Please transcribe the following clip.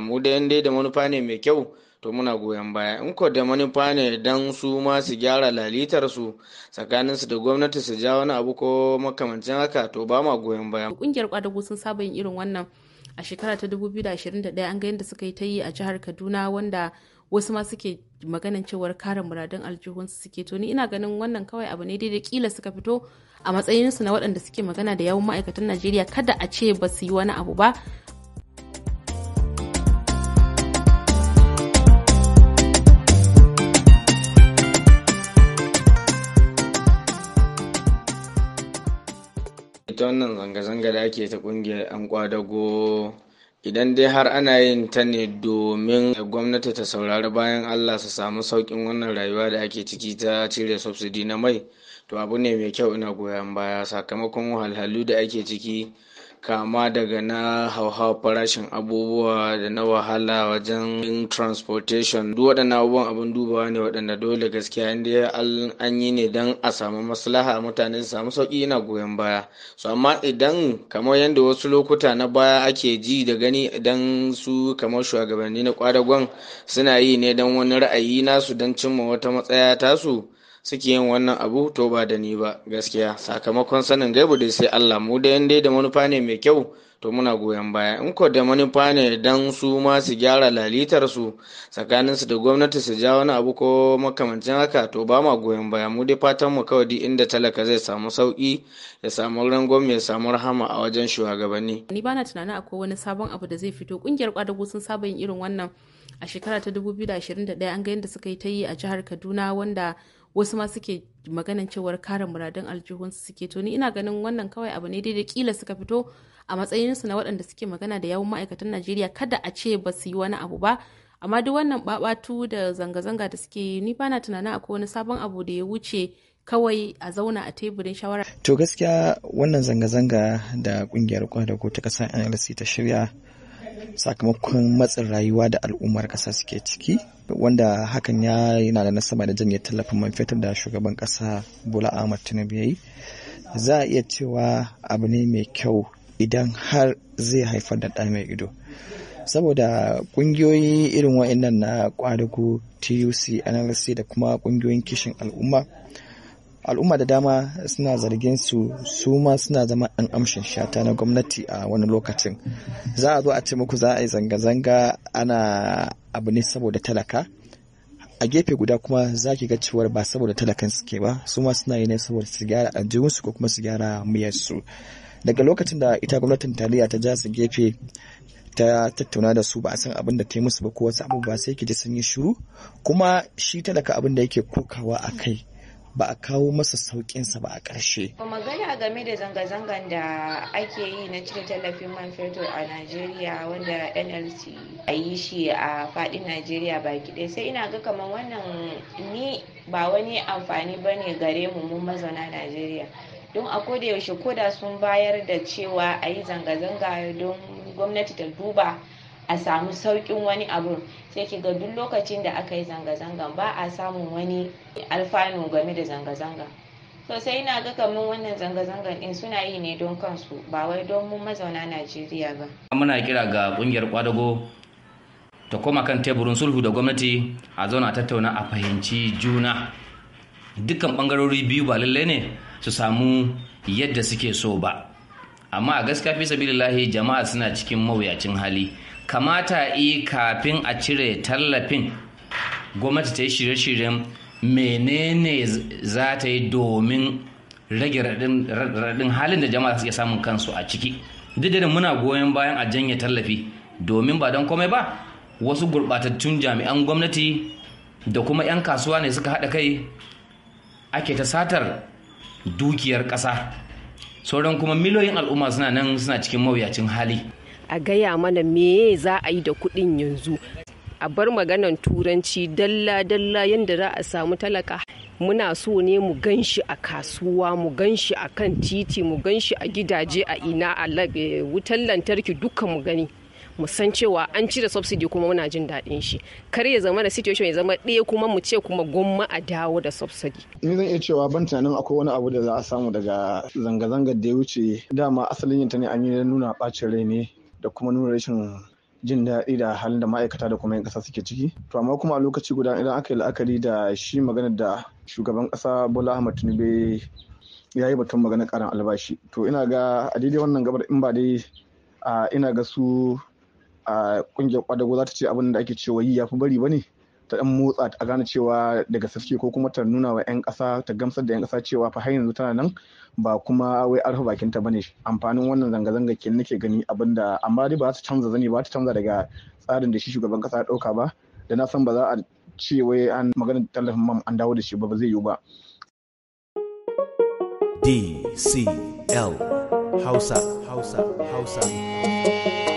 mu da dai da manufa ne mai kyau to muna goyon baya in ko da manufa ne don su ma su gyara lalitar su tsakanin su da gwamnati su ja wani abu ko makamancin haka to ba ma goyon baya kungiyar kwadago sun saba yin irin wannan a shekara ta 2021 an ga yadda suka yi ta yi a jihar Kaduna wanda wasu ma suke maganan cewar kare muradun aljihunsu suke to ni ina ganin wannan kawai abu ne daidai kila suka fito a matsayinsu na waɗanda suke magana da yawun ma'aikatan Najeriya kada a ce ba su yi wani abu ba ita wannan zanga-zanga da ake ta kungiyar 'yan kwadago idan dai har ana yin ta ne domin gwamnati ta saurari bayan allah su samu sauƙin wannan rayuwa da ake ciki ta cire subsidi na mai to abu ne mai kyau ina goyon baya sakamakon wahalhalu da ake ciki kama daga na hauhawar farashin abubuwa da na wahala wajen transportation duk waɗannan abubuwan abin dubawa ne waɗanda dole gaskiya inda an yi ne don a samu maslaha mutane su samu sauƙi ina goyon baya su amma idan kamar yadda wasu lokuta na baya ake ji da gani idan su kamar shugabanni na kwadagon suna yi ne don wani ra'ayi nasu don cimma wata matsaya tasu suke yin wannan abu to ba da ni ba gaskiya sakamakon sanin gaibu dai sai Allah mu da yan dai da manufa ne mai kyau to muna goyon baya in ko da manufa ne don su ma su gyara lalitar su tsakanin su da gwamnati su ja wani abu ko makamancin haka to ba ma goyon baya mu dai fatan mu kawai di inda talaka zai samu sauki ya samu rangon ya samu rahama a wajen shugabanni ni bana tunanin akwai wani sabon abu da zai fito kungiyar kwadago sun saba yin irin wannan a shekara ta 2021 an ga yadda suka yi ta yi a jihar Kaduna wanda wasu ma suke maganan cewar kare muradun aljihunsu suke to ni ina ganin wannan kawai abu ne daidai kila suka fito a matsayinsu na waɗanda suke magana da yawun ma'aikatan najeriya kada a ce ba su yi wani abu ba amma duk wannan babatu da zanga-zanga da suke ni ba na tunanin akwai wani sabon abu da ya wuce kawai a zauna a teburin shawara. To gaskiya wannan zanga-zanga da kungiyar kwadago ta kasar NLC ta shirya sakamakon matsin rayuwa da al'ummar ƙasa suke ciki wanda hakan ya yana da nasaba da janye tallafin man fetur da shugaban ƙasa bola ahmad tinubu ya yi za a iya cewa abu ne mai kyau idan har zai haifar da ɗa mai ido saboda ƙungiyoyi irin wa'annan na ƙwadago tuc nlc da kuma ƙungiyoyin kishin al'umma al'umma da dama suna zargin su su ma suna zama ɗan amshin shata na gwamnati a wani lokacin za a zo a ce muku za a yi zanga-zanga ana abu ne saboda talaka a gefe guda kuma za ki ga cewar ba saboda talakan suke ba su ma suna yi ne saboda su gyara su ko kuma su gyara miyar su daga lokacin da ita gwamnatin taliya ta ja su gefe ta tattauna da su ba a san abin da ta yi musu ba ko wasu abubuwa sai ki ji sun yi shiru kuma shi talaka abin da yake kokawa a kai ba a kawo masa sauƙinsa ba a ƙarshe. magana game da zanga-zangan da ake yi na cire tallafin man fetur a najeriya wanda nlc a yi shi a faɗin najeriya ba ɗaya sai ina ga kamar wannan ni ba wani amfani ba ne gare mu mun mazauna najeriya don a koda yaushe koda sun bayar da cewa a yi zanga-zanga don gwamnati ta duba a samu saukin wani abu, sai ki ga duk lokacin da aka yi zanga zanga ba a samun wani alfanu game da zanga-zanga Sosai sai na ga kamar wannan zanga zanga din suna yi ne don kansu ba wai don mu mazauna najeriya ba muna kira ga kungiyar kwadago ta koma kan teburin sulhu da gwamnati a zauna tattauna a fahimci juna dukkan bangarori biyu ba lallai ne su samu yadda suke so ba amma a gaskiya fi sabilillahi jama'a suna cikin mawuyacin hali kamata yi kafin a cire tallafin gwamnati ta yi shirye-shiryen menene za ta yi domin rage raɗin halin da jama'a suke samun kansu a ciki duk da muna goyon bayan a janye tallafi domin ba don komai ba wasu gurɓatattun jami'an gwamnati da kuma 'yan kasuwa ne suka haɗa kai ake ta satar dukiyar ƙasa sauran kuma miliyoyin al'umma suna nan suna cikin mawuyacin hali a gaya mana me za a yi da kuɗin yanzu a bar maganan turanci dalla-dalla yadda za a samu talaka muna so ne mu gan shi a kasuwa mu gan shi a kan titi mu gan shi a gidaje a ina a eh, wutar lantarki duka mu gani mu san cewa an cire subsidy kuma muna jin daɗin shi kar ya zama da situation ya zama ɗaya kuma mu ce kuma gwamma a dawo da subsidy ni zan iya cewa ban tunanin akwai wani abu da za a samu daga zanga-zangar da ya wuce dama asalin yin ne an yi nuna ɓacin rai ne da kuma nuna rashin jin daɗi da halin da ma'aikata da kuma 'yan ƙasa suke ciki to amma kuma a lokaci guda idan aka yi la'akari da shi magana da shugaban ƙasa bola ahmad tinubu ya yi batun magana ƙarin albashi to ina ga a daidai wannan gabar in ba dai ina ga su a ƙungiyar ƙwadago za ta ce abin da ake cewa yi ya fi bari ba ne ta dan motsa a gane cewa daga gaske ko kuma ta nuna wa 'yan kasa ta gamsar da 'yan kasa cewa fa har yanzu tana nan ba kuma wai arfa bakin ta bane amfanin wannan zanga-zanga ke nake gani abinda amma dai ba ta canza zani ba ta canza daga tsarin da shi shugaban kasa ya ɗauka ba da na san ba za a ce wai an magana tallafin mam an dawo da shi ba ba zai yiwu ba. DCL Hausa Hausa Hausa.